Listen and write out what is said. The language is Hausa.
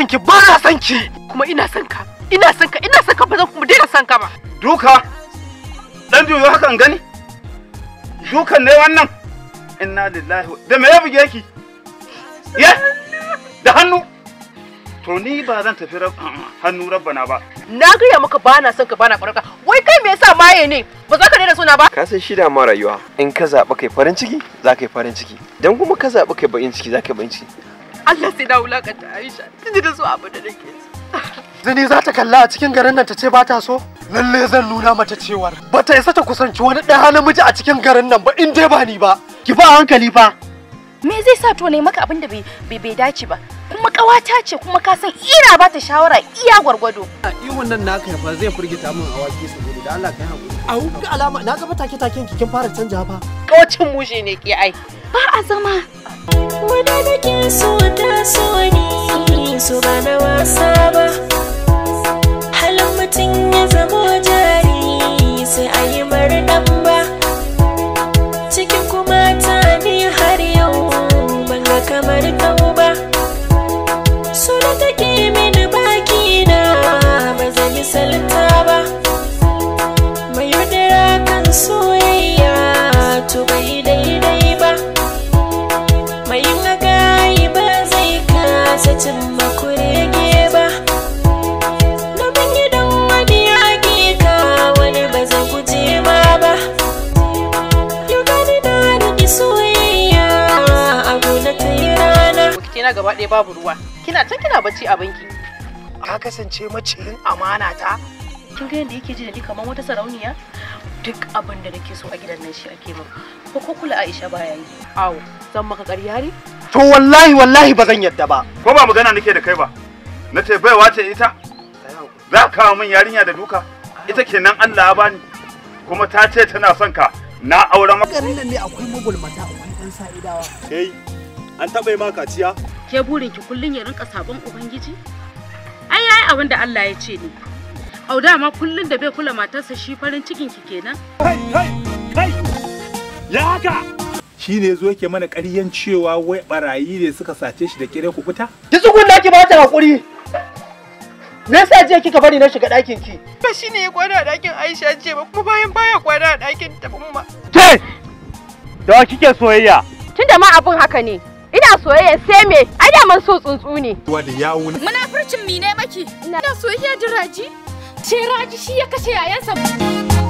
son ki ba na son ki kuma ina son ka ina son ka ina son ka ba zan kuma daina son ka ba duka dan haka hakan gani dukan ne wannan inna lillahi da me ya buge ki ya da hannu to ni ba zan tafi hannu rabbana ba na gaya maka ba na son ka ba na ƙwararka wai kai me yasa maye ne ba za ka daina suna ba ka san shi da ma rayuwa in ka zaɓa kai farin ciki za ka yi farin ciki dan kuma ka zaɓa kai baƙin ciki za ka yi baƙin ciki Allah sai na wulakanta Aisha tunda da su abu da nake so Zini za ta kalla a cikin garin nan ta ce ba ta so? Lalle zan nuna mata cewar ba ta isa ta kusanci wani ɗaya namiji a cikin garin nan ba in dai ba ni ba. Ki ba hankali fa. Me zai sa to ne maka abin da bai dace ba? Kuma ƙawata ce kuma ka san ina ba ta shawara iya gwargwado. Iwon wannan naka fa zai furgita min a waki saboda da Allah ka haƙuri. A ga alama na gaba take taken ki kin fara canja fa. Kawacin mushe ne ki ai. Ba a zama. Wanda nake so gidana gaba ɗaya babu ruwa kina can kina bacci a banki ka kasance maciyin amana ta kin ga yadda yake ji da ni kamar wata sarauniya duk abin da nake so a gidan nan shi ake min ko ko kula Aisha baya yi awo zan maka ƙarya ne to wallahi wallahi ba zan yadda ba ko ba magana nake da kai ba na ce baiwa ce ita za ka kawo min yarinya da duka ita kenan Allah ya bani kuma ta ce tana son ka na aure maka garin nan ne akwai magulmata akwai ɗan sa'idawa kai an taɓa yi ma kaciya ke burin ki kullun ya rinka sabon ubangiji ai ai abin da Allah ya ce ne au ma kullun da bai kula matarsa shi farin cikin ki kenan kai kai kai ya haka shi ne zo yake mana ƙaryan cewa wai barayi ne suka sace shi da kire ku fita ki da ki ba ta hakuri me yasa jiya kika bari na shiga ɗakin ki ba shine ya kwana a ɗakin Aisha ce ba kuma bayan baya kwana a ɗakin ta umma ke da kike soyayya tunda ma abun haka ne ina soyayya sai me ai da man so tsuntsu ne da yawo munafurcin mi ne maki ina soyayya diraji ce raji shi ya kashe yayansa